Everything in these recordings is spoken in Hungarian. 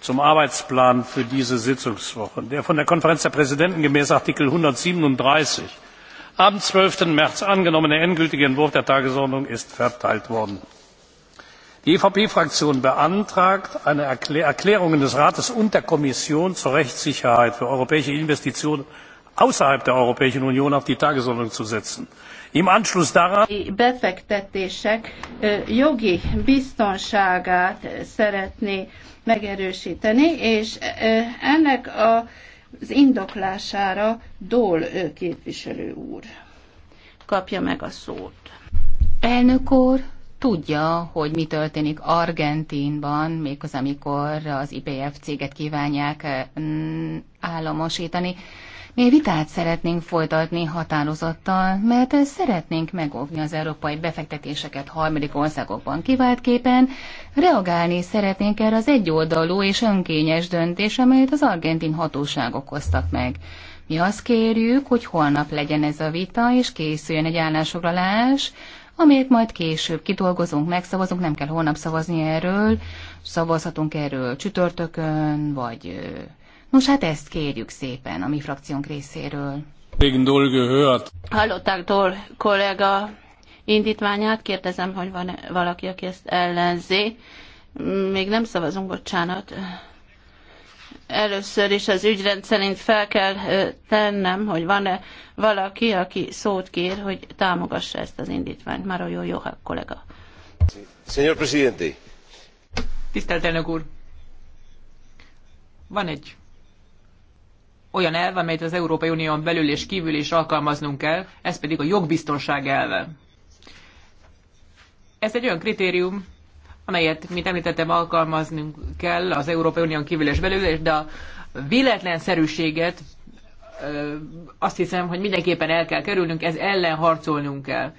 zum arbeitsplan für diese sitzungswoche der von der konferenz der präsidenten gemäß artikel einhundertsiebenunddreißig am. zwölf märz angenommene endgültige entwurf der tagesordnung ist verteilt worden. die evp fraktion beantragt erklärungen des rates und der kommission zur rechtssicherheit für europäische investitionen außerhalb der europäischen union auf die tagesordnung zu setzen. im anschluss daran befektetések jogi biztonságát szeretné megerősíteni és ennek a az indoklására Dól képviselő úr kapja meg a szót. Elnök úr, tudja, hogy mi történik Argentinban, méghozzá amikor az IPF céget kívánják államosítani. Mi vitát szeretnénk folytatni határozattal, mert szeretnénk megóvni az európai befektetéseket harmadik országokban kiváltképpen, reagálni szeretnénk erre az egyoldalú és önkényes döntés, amelyet az argentin hatóságok hoztak meg. Mi azt kérjük, hogy holnap legyen ez a vita, és készüljön egy állásfoglalás, amelyet majd később kidolgozunk, megszavazunk, nem kell holnap szavazni erről, szavazhatunk erről csütörtökön, vagy Nos, hát ezt kérjük szépen a mi frakciónk részéről. Hallották Dol kollega indítványát, kérdezem, hogy van -e valaki, aki ezt ellenzi. Még nem szavazunk, bocsánat. Először is az ügyrend szerint fel kell tennem, hogy van-e valaki, aki szót kér, hogy támogassa ezt az indítványt. Már jó, jó, kollega. Señor Presidente. Tisztelt elnök úr! Van egy olyan elv, amelyet az Európai Unión belül és kívül is alkalmaznunk kell, ez pedig a jogbiztonság elve. Ez egy olyan kritérium, amelyet, mint említettem, alkalmaznunk kell az Európai Unión kívül és belül, de a véletlenszerűséget azt hiszem, hogy mindenképpen el kell kerülnünk, ez ellen harcolnunk kell.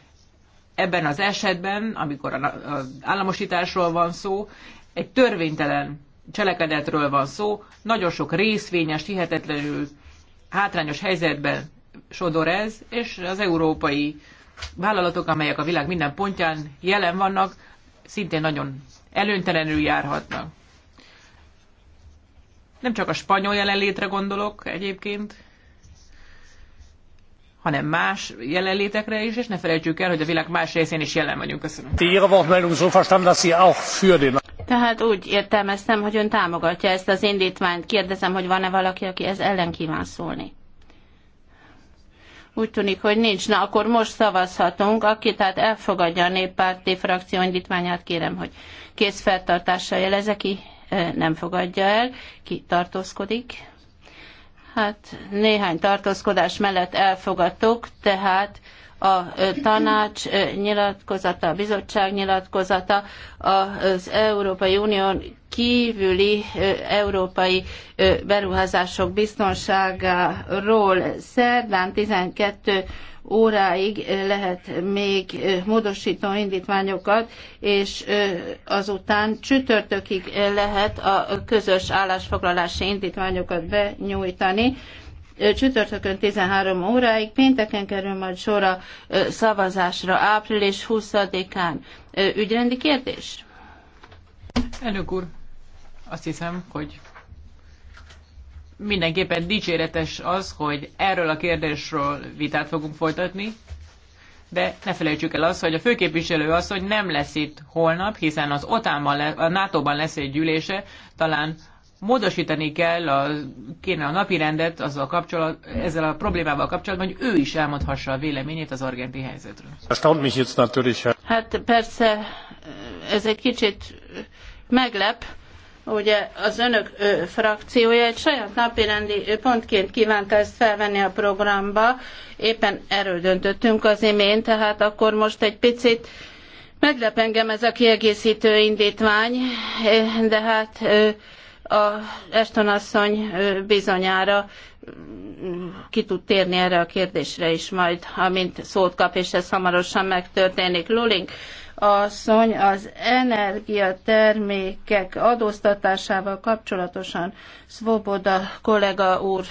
Ebben az esetben, amikor az államosításról van szó, egy törvénytelen cselekedetről van szó, nagyon sok részvényes, hihetetlenül hátrányos helyzetben sodor ez, és az európai vállalatok, amelyek a világ minden pontján jelen vannak, szintén nagyon előnytelenül járhatnak. Nem csak a spanyol jelenlétre gondolok egyébként, hanem más jelenlétekre is, és ne felejtsük el, hogy a világ más részén is jelen vagyunk. Köszönöm. Tehát úgy értelmeztem, hogy ön támogatja ezt az indítványt. Kérdezem, hogy van-e valaki, aki ez ellen kíván szólni. Úgy tűnik, hogy nincs. Na, akkor most szavazhatunk. Aki tehát elfogadja a néppárti frakció indítványát, kérem, hogy készfeltartással jelezze ki nem fogadja el, ki tartózkodik. Hát néhány tartózkodás mellett elfogadtuk, tehát a tanács nyilatkozata, a bizottság nyilatkozata, az Európai Unión kívüli európai beruházások biztonságáról szerdán 12 óráig lehet még módosító indítványokat, és azután csütörtökig lehet a közös állásfoglalási indítványokat benyújtani csütörtökön 13 óráig, pénteken kerül majd sor a szavazásra április 20-án. Ügyrendi kérdés? Elnök úr, azt hiszem, hogy mindenképpen dicséretes az, hogy erről a kérdésről vitát fogunk folytatni, de ne felejtsük el azt, hogy a főképviselő az, hogy nem lesz itt holnap, hiszen az otámban, a NATO-ban lesz egy gyűlése, talán módosítani kell a, kéne a napirendet azzal kapcsolat, ezzel a problémával kapcsolatban, hogy ő is elmondhassa a véleményét az argenti helyzetről. Hát persze, ez egy kicsit meglep, ugye az önök ö, frakciója egy saját napirendi pontként kívánta ezt felvenni a programba, éppen erről döntöttünk az imén, tehát akkor most egy picit meglep engem ez a kiegészítő indítvány, de hát ö, a Eston asszony bizonyára ki tud térni erre a kérdésre is majd, amint szót kap, és ez hamarosan megtörténik. Luling asszony az energiatermékek adóztatásával kapcsolatosan Svoboda kollega úr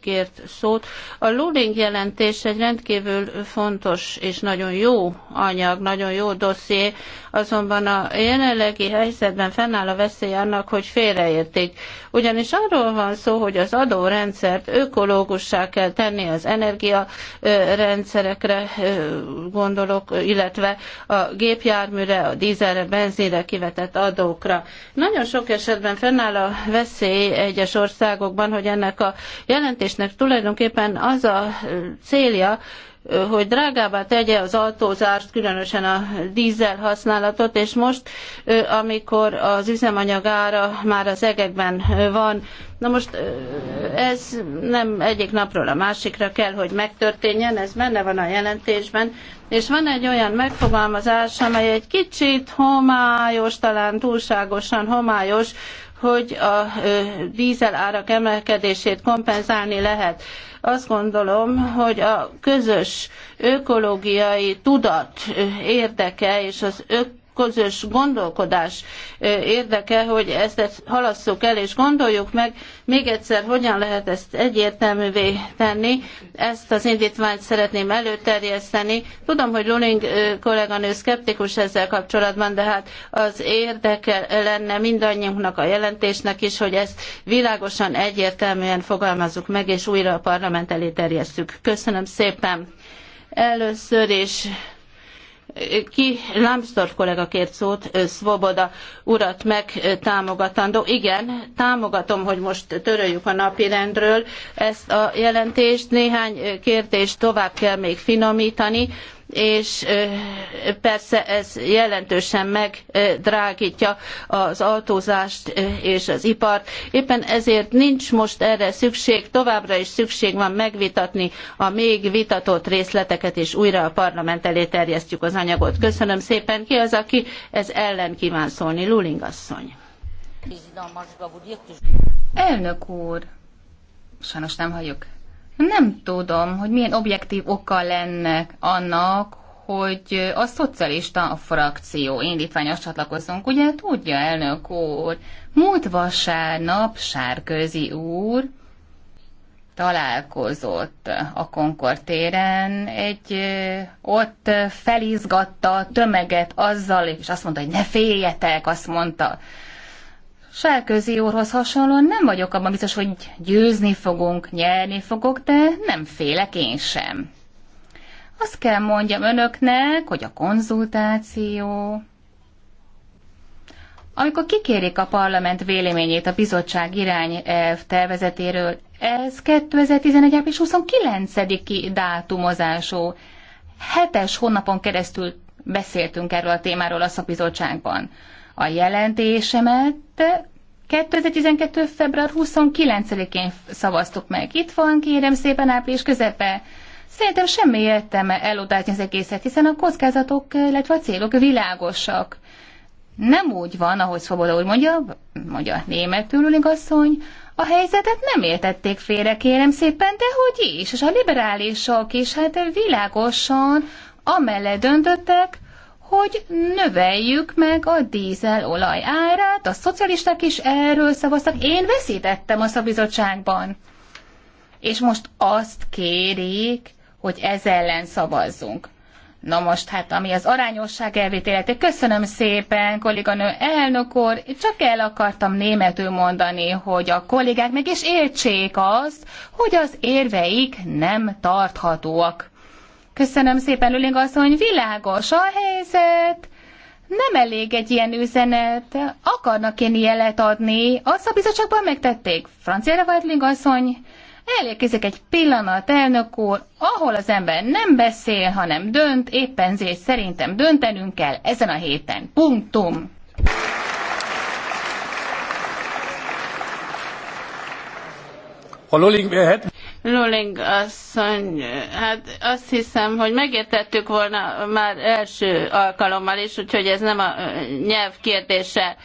kért szót. A Luling jelentés egy rendkívül fontos és nagyon jó anyag, nagyon jó dosszié, azonban a jelenlegi helyzetben fennáll a veszély annak, hogy félreértik. Ugyanis arról van szó, hogy az adórendszert ökológussá kell tenni az energiarendszerekre gondolok, illetve a gépjárműre, a dízelre, benzinre kivetett adókra. Nagyon sok esetben fennáll a veszély egyes országokban, hogy ennek a jelentés jelentésnek tulajdonképpen az a célja, hogy drágábbá tegye az autózást, különösen a dízel használatot, és most, amikor az üzemanyag ára már az egekben van, na most ez nem egyik napról a másikra kell, hogy megtörténjen, ez benne van a jelentésben, és van egy olyan megfogalmazás, amely egy kicsit homályos, talán túlságosan homályos, hogy a dízel árak emelkedését kompenzálni lehet. Azt gondolom, hogy a közös ökológiai tudat érdeke és az ök közös gondolkodás érdeke, hogy ezt halasszuk el, és gondoljuk meg még egyszer, hogyan lehet ezt egyértelművé tenni. Ezt az indítványt szeretném előterjeszteni. Tudom, hogy Luning kolléganő szkeptikus ezzel kapcsolatban, de hát az érdeke lenne mindannyiunknak a jelentésnek is, hogy ezt világosan, egyértelműen fogalmazzuk meg, és újra a parlament elé terjesszük. Köszönöm szépen! Először is ki Lambsdorff kollega kért szót, Svoboda urat megtámogatandó. Igen, támogatom, hogy most töröljük a napirendről ezt a jelentést. Néhány kérdést tovább kell még finomítani és persze ez jelentősen megdrágítja az autózást és az ipart. Éppen ezért nincs most erre szükség, továbbra is szükség van megvitatni a még vitatott részleteket, és újra a parlament elé terjesztjük az anyagot. Köszönöm szépen. Ki az, aki ez ellen kíván szólni? Luling asszony. Elnök úr, sajnos nem halljuk nem tudom, hogy milyen objektív oka lenne annak, hogy a szocialista frakció indítványos csatlakozunk. Ugye tudja, elnök úr, múlt vasárnap Sárközi úr találkozott a konkortéren, téren, egy ott felizgatta tömeget azzal, és azt mondta, hogy ne féljetek, azt mondta, Sárközi úrhoz hasonlóan nem vagyok abban biztos, hogy győzni fogunk, nyerni fogok, de nem félek én sem. Azt kell mondjam önöknek, hogy a konzultáció, amikor kikérik a parlament véleményét a bizottság irány tervezetéről, ez 2011. április 29 dátumozású. Hetes hónapon keresztül beszéltünk erről a témáról a szakbizottságban. A jelentésemet 2012. február 29-én szavaztuk meg. Itt van, kérem szépen április közepe. Szerintem semmi értem elodálni az egészet, hiszen a kockázatok, illetve a célok világosak. Nem úgy van, ahogy Szoboda úr mondja, mondja németül asszony, a helyzetet nem értették félre, kérem szépen, de hogy is, és a liberálisok is, hát világosan amellett döntöttek, hogy növeljük meg a dízelolaj árát, a szocialisták is erről szavaztak, én veszítettem a szabizottságban. És most azt kérik, hogy ez ellen szavazzunk. Na most hát, ami az arányosság elvét illeti, köszönöm szépen, kolléganő elnök úr, csak el akartam németül mondani, hogy a kollégák meg is értsék azt, hogy az érveik nem tarthatóak. Köszönöm szépen, Lüling asszony, világos a helyzet. Nem elég egy ilyen üzenet. Akarnak én jelet adni. Azt a bizottságban megtették. Francia Weidling asszony, elérkezik egy pillanat, elnök úr, ahol az ember nem beszél, hanem dönt, éppen ezért szerintem döntenünk kell ezen a héten. Punktum. Frau Lulling, wir hätten... Luling asszony, hát azt hiszem, hogy megértettük volna már első alkalommal is, úgyhogy ez nem a nyelv kérdése.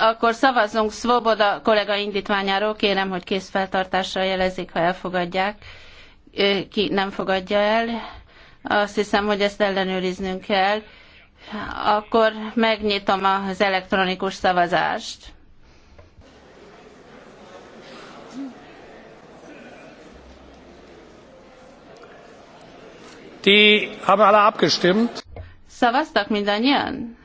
Akkor szavazzunk Svoboda kollega indítványáról, kérem, hogy készfeltartással jelezik, ha elfogadják. Ki nem fogadja el? Azt hiszem, hogy ezt ellenőriznünk kell. Akkor megnyitom az elektronikus szavazást. Die haben alle abgestimmt. Szavaztak mindannyian?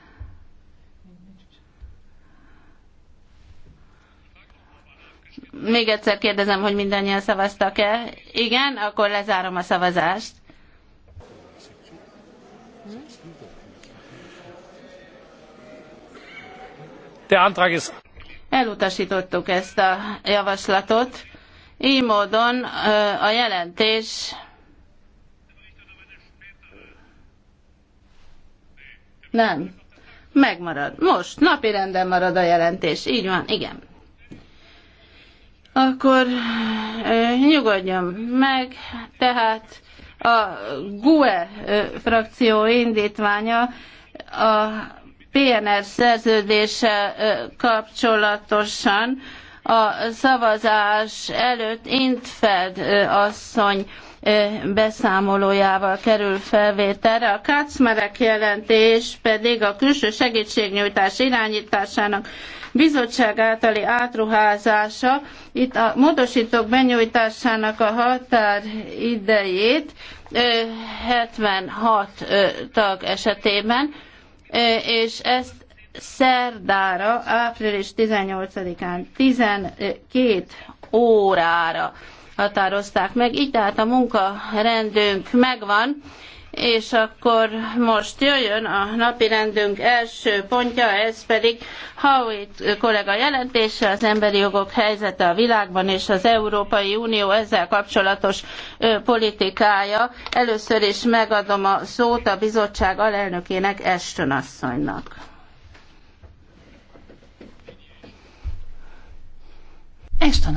Még egyszer kérdezem, hogy mindannyian szavaztak-e. Igen, akkor lezárom a szavazást. Der Antrag ist Elutasítottuk ezt a javaslatot. Így módon a jelentés Nem. Megmarad. Most, napi renden marad a jelentés. Így van, igen. Akkor nyugodjon meg, tehát a GUE frakció indítványa a PNR szerződése kapcsolatosan a szavazás előtt Intfeld asszony beszámolójával kerül felvételre. A Kacmerek jelentés pedig a külső segítségnyújtás irányításának bizottság általi átruházása. Itt a módosítók benyújtásának a határidejét 76 tag esetében, és ezt szerdára, április 18-án 12 órára határozták meg, így tehát a munkarendünk megvan, és akkor most jöjjön a napi rendünk első pontja, ez pedig Howitt kollega jelentése, az emberi jogok helyzete a világban és az Európai Unió ezzel kapcsolatos politikája. Először is megadom a szót a bizottság alelnökének, Eston asszonynak. Estonon